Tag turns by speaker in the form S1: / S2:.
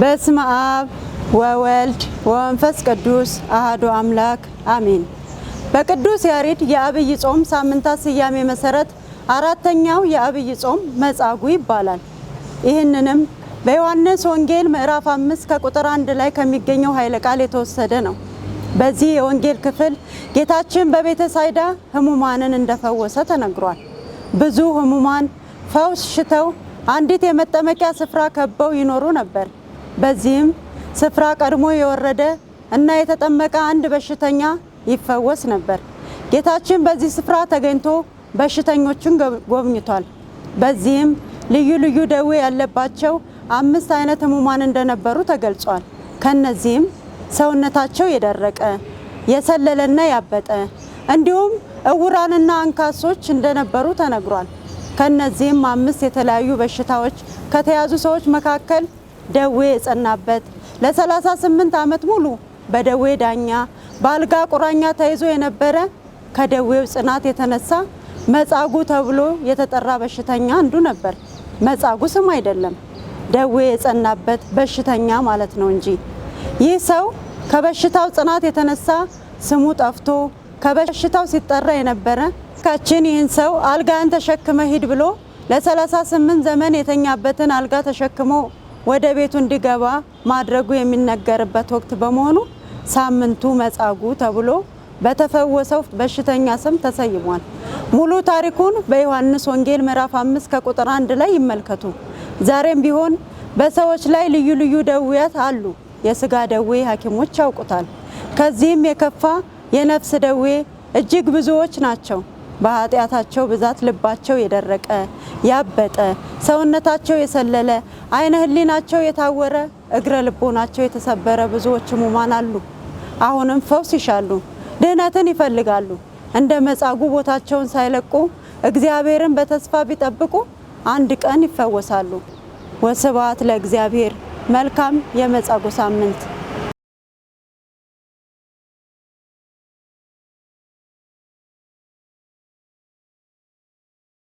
S1: በስመ አብ ወወልድ ወመንፈስ ቅዱስ አህዶ አምላክ አሜን። በቅዱስ ያሬድ የአብይ ጾም ሳምንታት ስያሜ መሰረት አራተኛው የአብይ ጾም መጻጉዕ ይባላል። ይህንንም በዮሐንስ ወንጌል ምዕራፍ አምስት ከቁጥር አንድ ላይ ከሚገኘው ኃይለ ቃል የተወሰደ ነው። በዚህ የወንጌል ክፍል ጌታችን በቤተሳይዳ ሳይዳ ሕሙማንን እንደፈወሰ ተነግሯል። ብዙ ሕሙማን ፈውስ ሽተው አንዲት የመጠመቂያ ስፍራ ከበው ይኖሩ ነበር። በዚህም ስፍራ ቀድሞ የወረደ እና የተጠመቀ አንድ በሽተኛ ይፈወስ ነበር። ጌታችን በዚህ ስፍራ ተገኝቶ በሽተኞቹን ጎብኝቷል። በዚህም ልዩ ልዩ ደዌ ያለባቸው አምስት አይነት ህሙማን እንደነበሩ ተገልጿል። ከነዚህም ሰውነታቸው የደረቀ የሰለለና ያበጠ እንዲሁም እውራንና አንካሶች እንደነበሩ ተነግሯል። ከነዚህም አምስት የተለያዩ በሽታዎች ከተያዙ ሰዎች መካከል ደዌ የጸናበት ለ38 ዓመት ሙሉ በደዌ ዳኛ በአልጋ ቁራኛ ተይዞ የነበረ ከደዌው ጽናት የተነሳ መጻጉ ተብሎ የተጠራ በሽተኛ አንዱ ነበር። መጻጉ ስም አይደለም፣ ደዌ የጸናበት በሽተኛ ማለት ነው እንጂ ይህ ሰው ከበሽታው ጽናት የተነሳ ስሙ ጠፍቶ ከበሽታው ሲጠራ የነበረ ካችን ይህን ሰው አልጋን ተሸክመ ሂድ ብሎ ለ38 ዘመን የተኛበትን አልጋ ተሸክሞ ወደ ቤቱ እንዲገባ ማድረጉ የሚነገርበት ወቅት በመሆኑ ሳምንቱ መጻጉ ተብሎ በተፈወሰው በሽተኛ ስም ተሰይሟል። ሙሉ ታሪኩን በዮሐንስ ወንጌል ምዕራፍ 5 ከቁጥር 1 ላይ ይመልከቱ። ዛሬም ቢሆን በሰዎች ላይ ልዩ ልዩ ደዌያት አሉ። የስጋ ደዌ ሐኪሞች ያውቁታል። ከዚህም የከፋ የነፍስ ደዌ እጅግ ብዙዎች ናቸው። በኃጢአታቸው ብዛት ልባቸው የደረቀ ያበጠ፣ ሰውነታቸው የሰለለ፣ አይነ ህሊናቸው የታወረ፣ እግረ ልቦናቸው የተሰበረ ብዙዎች ሕሙማን አሉ። አሁንም ፈውስ ይሻሉ፣ ድህነትን ይፈልጋሉ። እንደ መጻጉ ቦታቸውን ሳይለቁ እግዚአብሔርን በተስፋ ቢጠብቁ አንድ ቀን ይፈወሳሉ። ወስብሐት ለእግዚአብሔር። መልካም የመጻጉ ሳምንት